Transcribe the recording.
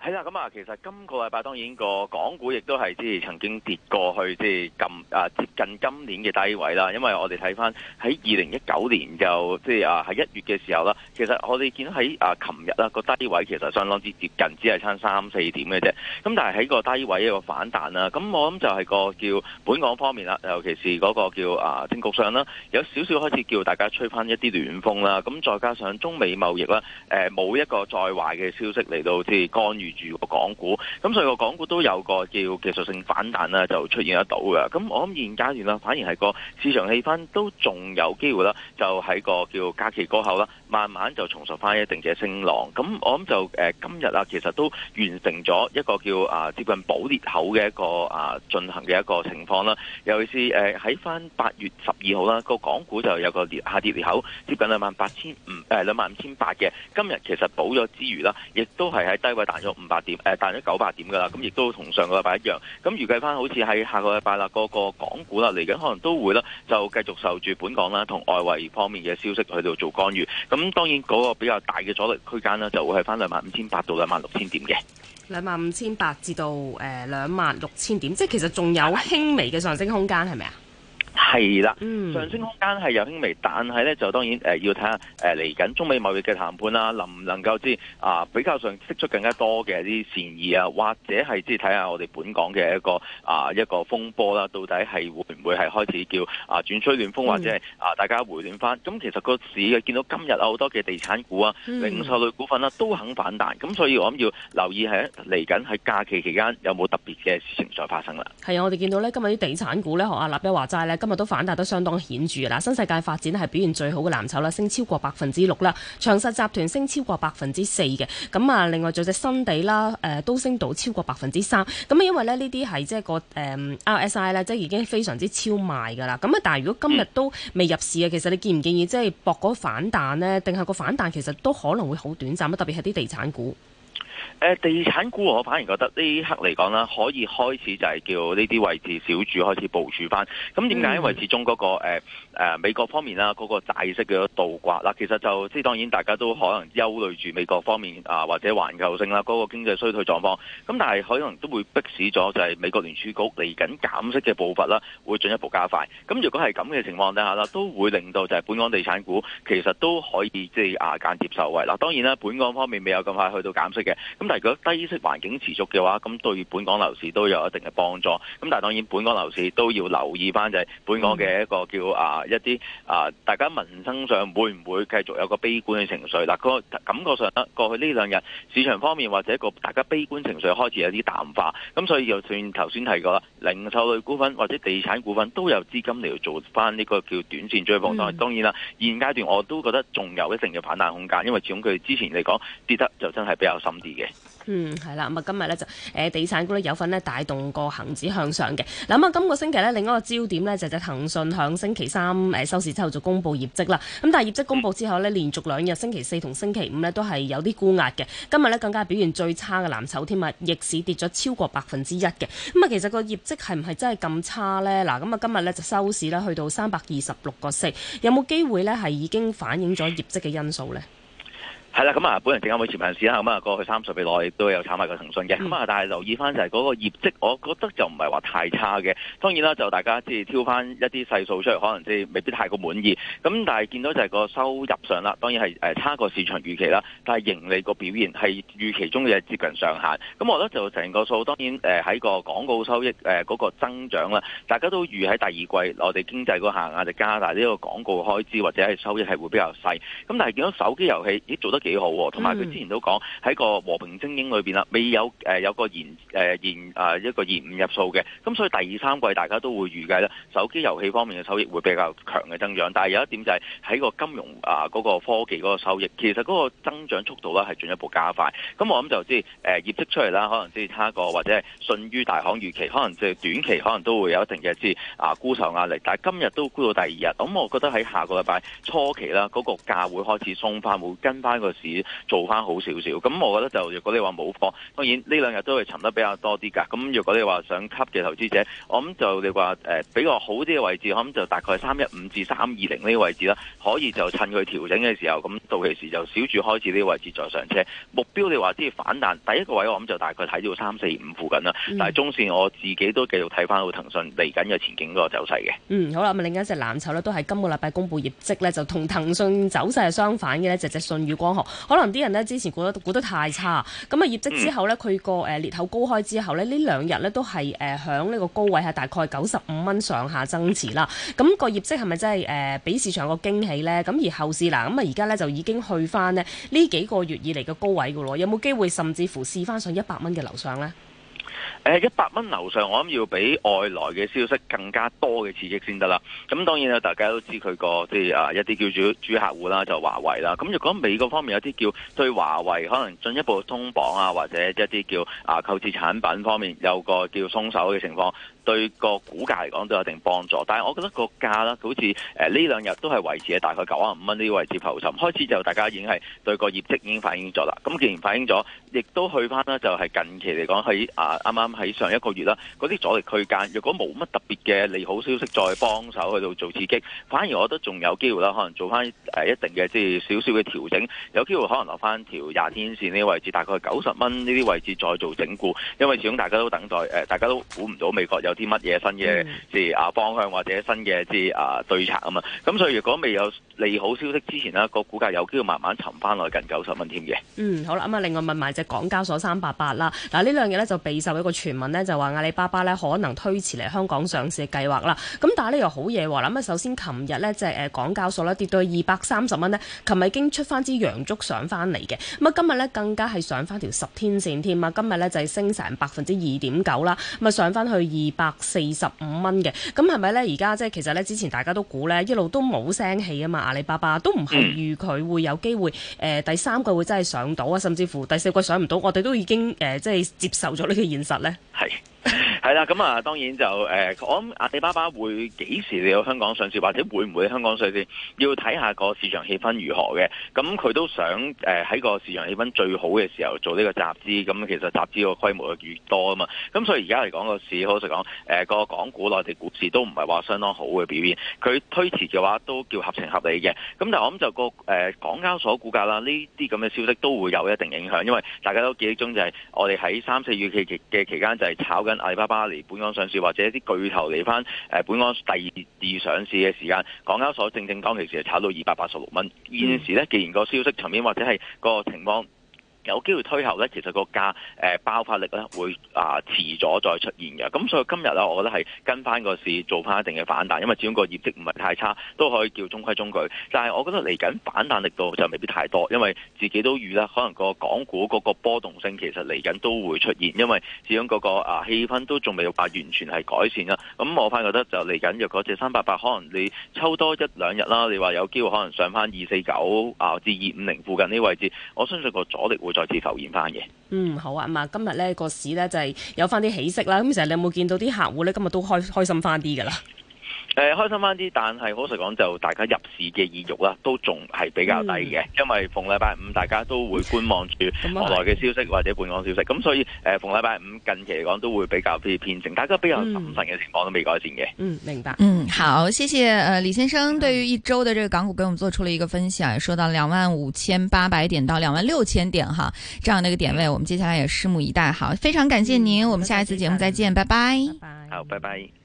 係啦，咁啊，其實今個禮拜當然個港股亦都係即係曾經跌過去即係近啊接近今年嘅低位啦。因為我哋睇翻喺二零一九年就即係啊喺一月嘅時候啦，其實我哋見到喺啊琴日啦，個低位其實相當之接近只3，只係差三四點嘅啫。咁但係喺個低位一個反彈啦，咁我諗就係個叫本港方面啦，尤其是嗰個叫啊政局上啦，有少少開始叫大家吹翻一啲暖風啦。咁再加上中美貿易啦，誒冇一個再壞嘅消息嚟到即係干預住個港股，咁所以個港股都有個叫技術性反彈啦，就出現得到嘅。咁我諗現階段啦，反而係個市場氣氛都仲有機會啦，就喺個叫假期過後啦，慢慢就重拾翻一定嘅升浪。咁我諗就誒今日啊，其實都完成咗一個叫啊接近補裂口嘅一個啊進行嘅一個情況啦。尤其是誒喺翻八月十二號啦，個港股就有個下跌裂口接近兩萬八千五，誒兩萬五千八嘅。今日其實補咗之餘啦，亦都係喺低位彈躍，五百點，呃，大約九百點噶啦，咁亦都同上個禮拜一樣。咁預計翻，好似喺下個禮拜啦，嗰個港股啦嚟緊，可能都會啦，就繼續受住本港啦同外圍方面嘅消息去到做干預。咁當然嗰個比較大嘅阻力區間呢，就會係翻兩萬五千八到兩萬六千點嘅。兩萬五千八至到誒兩萬六千點，即係其實仲有輕微嘅上升空間，係咪啊？係啦，上升空間係有輕微，但係咧就當然、呃、要睇、呃、下誒嚟緊中美貿易嘅談判啦、啊，能唔能夠即啊比較上釋出更加多嘅啲善意啊，或者係即係睇下我哋本港嘅一個啊一個風波啦、啊，到底係會唔會係開始叫啊轉吹暖風，嗯、或者係啊大家回暖翻？咁、嗯嗯、其實個市嘅見到今日啊好多嘅地產股啊、零售類股份啦、啊、都肯反彈，咁所以我諗要留意係嚟緊喺假期期間有冇特別嘅事情再發生啦。係啊，我哋見到咧今日啲地產股咧，學阿立嘅話齋咧，今日。都反彈得相當顯著嘅嗱，新世界發展係表現最好嘅藍籌啦，升超過百分之六啦，長實集團升超過百分之四嘅，咁啊，另外仲有隻新地啦，誒、呃、都升到超過百分之三，咁啊，因為咧呢啲係即係個誒 RSI 咧，即係、呃 SI，已經非常之超賣嘅啦，咁啊，但係如果今日都未入市啊，嗯、其實你建唔建議即係博嗰反彈呢？定係個反彈其實都可能會好短暫啊，特別係啲地產股。誒地產股，我反而覺得呢刻嚟講啦，可以開始就係叫呢啲位置小主開始部署返。咁點解？嗯、因為始終嗰、那個誒、呃、美國方面啦，嗰個債息嘅倒掛啦，其實就即係、就是、當然大家都可能憂慮住美國方面啊或者環球性啦嗰個經濟衰退狀況。咁但係可能都會迫使咗就係美國聯儲局嚟緊減息嘅步伐啦，會進一步加快。咁如果係咁嘅情況底下啦，都會令到就係本港地產股其實都可以即係啊間接受惠啦、啊。當然啦，本港方面未有咁快去到減息嘅。咁但係如果低息環境持續嘅話，咁對本港樓市都有一定嘅幫助。咁但係當然，本港樓市都要留意翻就係本港嘅一個叫一、mm. 啊一啲啊大家民生上會唔會繼續有個悲觀嘅情緒？嗱、那，個感覺上咧，過去呢兩日市場方面或者一個大家悲觀情緒開始有啲淡化。咁所以就算頭先提過啦，零售類股份或者地產股份都有資金嚟做翻呢個叫短線追捧。Mm. 當然啦，現階段我都覺得仲有一定嘅反彈空間，因為始終佢之前嚟講跌得就真係比較深啲嘅。嗯，係啦，咁啊今日咧就誒地產股咧有份咧帶動個恒指向上嘅。咁啊今個星期呢，另一個焦點呢，就係騰訊響星期三誒收市之後就公布業績啦。咁但係業績公布之後呢，連續兩日星期四同星期五呢，都係有啲沽壓嘅。今日呢，更加表現最差嘅藍籌添啊，逆市跌咗超過百分之一嘅。咁啊其實個業績係唔係真係咁差呢？嗱，咁啊今日呢，就收市咧去到三百二十六個息，有冇機會呢？係已經反映咗業績嘅因素呢？係啦，咁啊，本人證監會前陣時啦，咁啊過去三十幾內都有炒賣個騰訊嘅，咁啊、嗯，但係留意翻就係嗰個業績，我覺得就唔係話太差嘅。當然啦，就大家即係挑翻一啲細數出嚟，可能即係未必太過滿意。咁但係見到就係個收入上啦，當然係差過市場預期啦。但係盈利個表現係預期中嘅接近上限。咁我覺得就成個數當然喺個廣告收益嗰個增長啦，大家都預喺第二季內地經濟個下壓力加大呢個廣告開支或者係收益係會比較細。咁但係見到手機遊戲咦做得幾好喎，同埋佢之前都講喺個和平精英裏邊啦，未有誒有個延誒延啊一個延誤入數嘅，咁所以第二三季大家都會預計咧手機遊戲方面嘅收益會比較強嘅增長，但係有一點就係喺個金融啊嗰個科技嗰個收益，其實嗰個增長速度咧係進一步加快，咁我諗就即係誒業績出嚟啦，可能即係差過或者係遜於大行預期，可能即係短期可能都會有一定嘅即係啊沽售壓力，但係今日都沽到第二日，咁我覺得喺下個禮拜初期啦，嗰個價會開始鬆翻，會跟翻、那個。做翻好少少，咁我覺得就如果你話冇貨，當然呢兩日都會沉得比較多啲㗎。咁如果你話想吸嘅投資者，我諗就你話誒比較好啲嘅位置，我諗就大概三一五至三二零呢個位置啦，可以就趁佢調整嘅時候，咁到期時就小住開始呢個位置再上車。目標你話即係反彈，第一個位我諗就大概睇到三四五附近啦。但係中線我自己都繼續睇翻到騰訊嚟緊嘅前景個走勢嘅。嗯，好啦，咁另一隻藍籌咧，都係今個禮拜公布業績咧，就同騰訊走勢係相反嘅呢，就隻舜宇光學可能啲人咧，之前估得估得太差，咁啊業績之後咧，佢個誒裂口高開之後咧，呢兩日咧都係誒響呢個高位係大概九十五蚊上下增持啦。咁個業績係咪真係誒俾市場個驚喜咧？咁而後市嗱，咁啊而家咧就已經去翻呢幾個月以嚟嘅高位噶咯，有冇機會甚至乎試翻上一百蚊嘅樓上咧？誒一百蚊樓上，我諗要比外來嘅消息更加多嘅刺激先得啦。咁當然大家都知佢個即係啊一啲叫主主客戶啦，就華為啦。咁如果美國方面有啲叫對華為可能進一步鬆綁啊，或者一啲叫啊購置產品方面有個叫鬆手嘅情況。對個股價嚟講都有一定幫助，但係我覺得個價啦，好似誒呢兩日都係維持喺大概九十五蚊呢啲位置浮沉。開始就大家已經係對個業績已經反映咗啦。咁既然反映咗，亦都去翻啦，就係近期嚟講喺啊啱啱喺上一個月啦，嗰啲阻力區間，如果冇乜特別嘅利好消息再幫手去到做刺激，反而我覺得仲有機會啦，可能做翻一定嘅即係少少嘅調整，有機會可能落翻條廿天線呢啲位置，大概九十蚊呢啲位置再做整固，因為始終大家都等待、呃、大家都估唔到美國有啲乜嘢新嘅啊方向或者新嘅啲啊對策啊嘛，咁所以如果未有利好消息之前呢、那個股價有機會慢慢沉翻落去近九十蚊添嘅。嗯，好啦，咁啊，另外問埋隻港交所三八八啦，嗱呢兩日呢，就備受一個傳聞呢，就話阿里巴巴呢可能推遲嚟香港上市嘅計劃啦。咁但係呢又好嘢喎，咁啊，首先琴日呢隻港交所呢跌到去二百三十蚊呢，琴日已經出翻支陽燭上翻嚟嘅，咁啊，今日呢，更加係上翻條十天線添啊，今日呢，就係升成百分之二點九啦，咁啊，上翻去二百。百四十五蚊嘅，咁係咪呢？而家即係其實呢，之前大家都估呢，一路都冇聲氣啊嘛。阿里巴巴都唔係預佢會有機會，誒、呃，第三季會真係上到啊，甚至乎第四季上唔到，我哋都已經誒，即、呃、係接受咗呢個現實呢。係啦，咁啊，當然就誒，我諗阿里巴巴會幾時嚟到香港上市，或者會唔會香港上市，要睇下個市場氣氛如何嘅。咁佢都想誒喺個市場氣氛最好嘅時候做呢個集資。咁其實集資個規模越多啊嘛。咁所以而家嚟講個市，好實講誒個港股、內地股市都唔係話相當好嘅表現。佢推遲嘅話都叫合情合理嘅。咁但係我諗就個誒港交所股價啦，呢啲咁嘅消息都會有一定影響，因為大家都記憶中就係我哋喺三四月期嘅期間就係炒緊阿里巴巴。嚟本港上市或者啲巨頭嚟翻誒，本港第二次上市嘅時間，港交所正正當其時係炒到二百八十六蚊。現時咧，既然個消息層面或者係個情況。有機會推後呢，其實個價誒、呃、爆發力呢會啊、呃、遲咗再出現嘅，咁所以今日呢，我覺得係跟翻個市做翻一定嘅反彈，因為始終個業績唔係太差，都可以叫中規中矩。但係我覺得嚟緊反彈力度就未必太多，因為自己都預啦，可能個港股嗰個波動性其實嚟緊都會出現，因為始終嗰個啊氣氛都仲未話完全係改善啦。咁我反而覺得就嚟緊若果隻三八八，可能你抽多一兩日啦，你話有機會可能上翻二四九啊至二五零附近呢啲位置，我相信個阻力會再次浮現翻嘅，嗯好啊，嗯、今日咧個市咧就係、是、有翻啲起色啦。咁成日你有冇見到啲客戶咧？今日都開開心翻啲㗎啦。誒、呃，開心翻啲，但係好實講，就大家入市嘅意欲啦，都仲係比較低嘅，嗯、因為逢禮拜五大家都會觀望住國內嘅消息或者本港消息，咁麼、嗯、所以誒、呃，逢禮拜五近期嚟講都會比較偏偏靜，大家比較審慎嘅情況都未改善嘅。嗯，明白。嗯，好，謝謝呃李先生，對於一周的這個港股，給我們做出了一個分析啊，說到兩萬五千八百點到兩萬六千點哈，這樣的一個點位，我們接下來也拭目以待。好，非常感謝您，嗯、我們下一次節目再見，嗯、拜拜。拜拜好，拜拜。